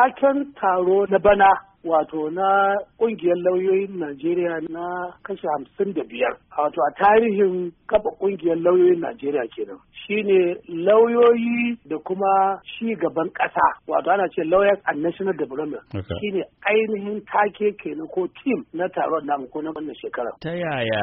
taken taro na bana wato na kungiyar lauyoyin Najeriya na kashe hamsin da biyar wato a tarihin kafa kungiyar lauyoyin Najeriya kenan shine lauyoyi da kuma shi gaban ƙasa wato ana ce lawyers a national development shine ainihin take kenan ko team na taron namu ko na wannan shekarar. ta yaya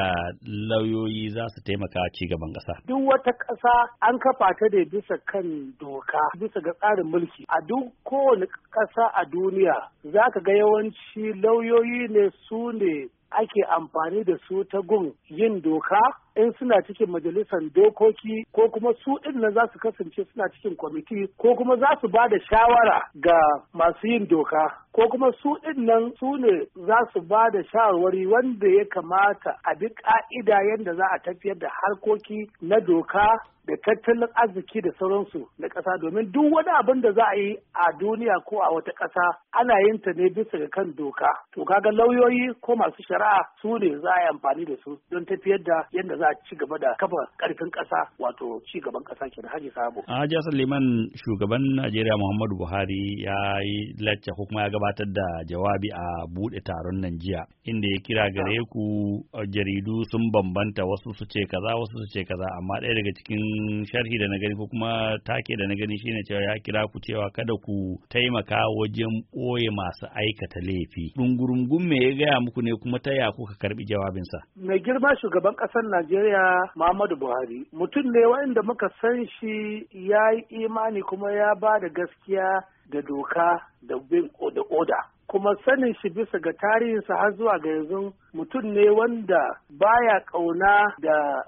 lauyoyi za su taimaka ci gaban ƙasa duk wata ƙasa an kafa ta da bisa kan doka bisa ga tsarin mulki a duk kowane ƙasa a duniya za ka ga yawanci lauyoyi ne su ne ake amfani da su ta gun yin doka in suna cikin majalisar dokoki ko kuma su din nan za su kasance suna cikin kwamiti ko kuma za su ba da shawara ga masu yin doka ko kuma su ɗin nan su ne za su ba da shawarwari wanda ya kamata a bi ƙa'ida yadda za a tafiyar da harkoki na doka da tattalin arziki da sauransu na ƙasa domin duk wani abin da za a yi a duniya ko a wata ƙasa ana yin ta ne bisa ga kan doka to kaga lauyoyi ko masu shari'a su ne za a yi amfani da su don tafiyar da yadda za za ci gaba da kafa karfin kasa wato ci gaban ƙasa ke da haji sabo. Haji shugaban Najeriya Muhammadu Buhari ya yi lacca ko kuma ya gabatar da jawabi a buɗe taron nan jiya inda ya kira gare ku jaridu sun bambanta wasu su ce kaza wasu su ce kaza amma ɗaya daga cikin sharhi da na gani ko kuma take da na gani shine cewa ya kira ku cewa kada ku taimaka wajen ɓoye masu aikata laifi. Rungurungun me ya gaya muku ne kuma ta ya kuka karɓi jawabinsa. Mai girma shugaban ƙasar Najeriya Najeriya Muhammadu Buhari mutum ne wanda muka san shi ya yi imani kuma ya ba da gaskiya da doka da bin da oda kuma sanin shi bisa ga tarihinsa har zuwa ga yanzu mutum ne wanda baya kauna da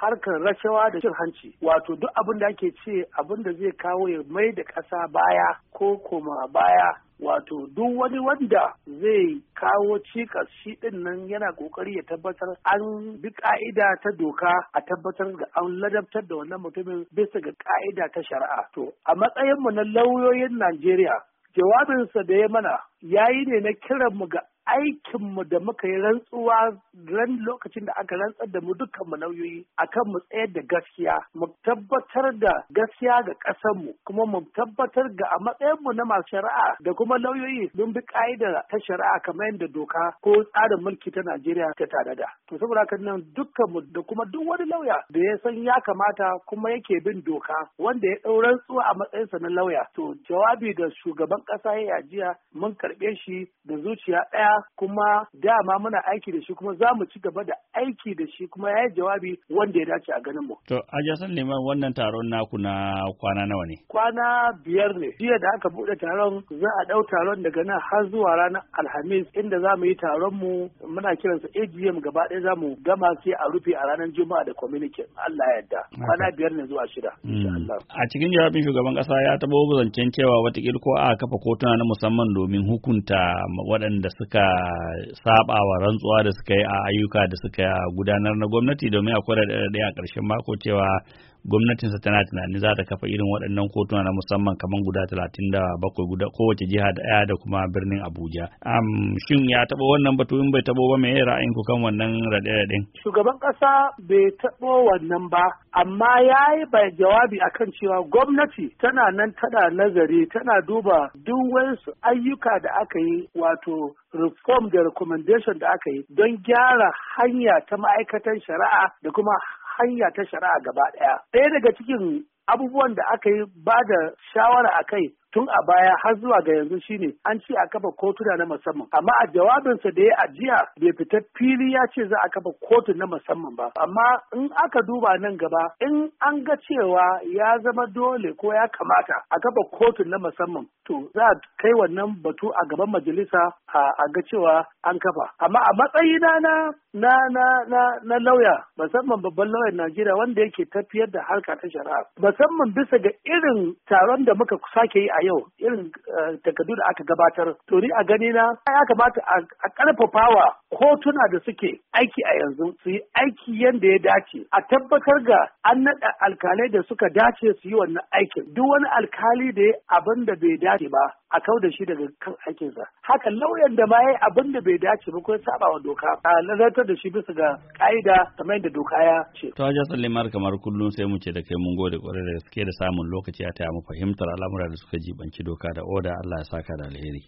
harkar rashawa da cin hanci wato duk abin da ake ce abin da zai kawo ya mai da ƙasa baya ko koma baya wato duk wani wanda zai kawo cikas shi din nan yana kokari ya tabbatar an bi ka'ida ta doka a tabbatar ga an ladabtar da wannan mutumin bisa ga ka'ida ta shari'a to a matsayin mu na lauyoyin Najeriya jawabinsa da ya mana yayi ne na kiranmu ga aikinmu da muka yi rantsuwa ran lokacin da aka rantsar da mu dukkanmu nauyoyi akan mu tsayar da gaskiya mu tabbatar da gaskiya ga mu kuma mu tabbatar ga a matsayin mu na masu shari'a da kuma lauyoyi mun bi ka'ida ta shari'a kamar yadda doka ko tsarin mulki ta Najeriya ta da To saboda haka nan dukkanmu da kuma duk wani lauya da ya san ya kamata kuma yake bin doka wanda ya ɗau rantsuwa a matsayinsa na lauya to jawabi da shugaban ƙasa ya yajiya mun karɓe shi da zuciya ɗaya kuma dama muna aiki da shi kuma za mu ci gaba da aiki da shi kuma ya yi jawabi wanda ya dace a ganin mu. To a jasan neman wannan taron naku na kwana nawa ne? Kwana biyar ne. Jiya da aka buɗe taron za a ɗau taron daga nan har zuwa ranar Alhamis inda za mu yi taron mu muna kiransa AGM gaba ɗaya za mu gama sai a rufe a ranar Juma'a da communique Allah ya yarda. Kwana biyar ne zuwa shida. Hmm. A cikin jawabin shugaban ƙasa ya taɓa zancen cewa watakila ko a kafa kotuna na musamman domin hukunta waɗanda suka saba wa rantsuwa da suka yi a ayyuka da suka gudanar na gwamnati domin akwai ɗaya a ƙarshen mako cewa gwamnatinsa tana tunanin za ta kafa irin waɗannan kotuna na musamman kamar guda talatin da bakwai guda kowace jiha da ɗaya da kuma birnin Abuja. shin ya taɓa wannan batu in bai taɓo ba me ra'ayin ku kan wannan raɗe Shugaban ƙasa bai taɓo wannan ba amma ya yi jawabi akan cewa gwamnati tana nan tana nazari tana duba duk wasu ayyuka da aka yi wato reform da recommendation da aka yi don gyara hanya ta ma'aikatan shari'a da kuma hanya ta shari'a gaba ɗaya. Ɗaya daga cikin abubuwan da aka yi ba da shawara a kai tun a baya har zuwa ga yanzu shine an ce a kafa kotuna na musamman amma a jawabinsa da ya ajiya bai fita fili ya ce za a kafa kotu na musamman ba amma in aka duba nan gaba in an ga cewa ya zama dole ko ya kamata a kafa kotu na musamman to za a kai wannan batu a gaban majalisa a ga cewa an kafa amma a matsayina na na na na na lauya musamman babban lauyan Najeriya wanda yake tafiyar da harka ta shari'a musamman bisa ga irin taron da muka sake yi a yau irin eh, takardu da aka gabatar to a gani na ya kamata a karfafawa kotuna da suke aiki a yanzu su yi aiki yadda ya dace a tabbatar ga an naɗa alkalai da suka dace su yi wannan aikin duk wani alkali da ya abin da bai dace ba a kau da shi daga kan aikinsa haka lauyan da ma yayi abin da bai dace ba ko ya saba wa doka a nazartar da shi bisa ga ka'ida kamar da doka ya ce to aja sallimar kamar kullum sai mu ce da kai mun gode kwarai da gaske da samun lokaci a taya mu fahimtar al'amura da suka jibanci doka da oda Allah ya saka da alheri